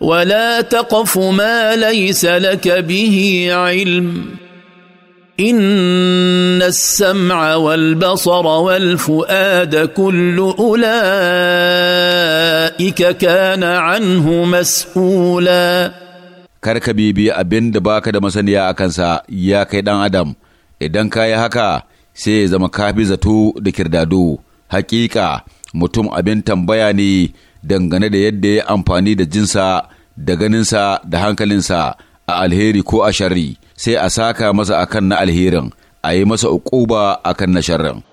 ولا تقف ما ليس لك به علم ان السمع والبصر والفؤاد كل اولئك كان عنه مسؤولا kar ka bibi abin da baka da masaniya a kansa ya kai ɗan adam idan ka yi haka sai ya zama kafi zato da kirdado hakika mutum abin tambaya ne dangane da yadda ya amfani da jinsa da ganinsa da hankalinsa a alheri ko a sharri sai a saka masa akan na alherin a yi masa a akan na sharrin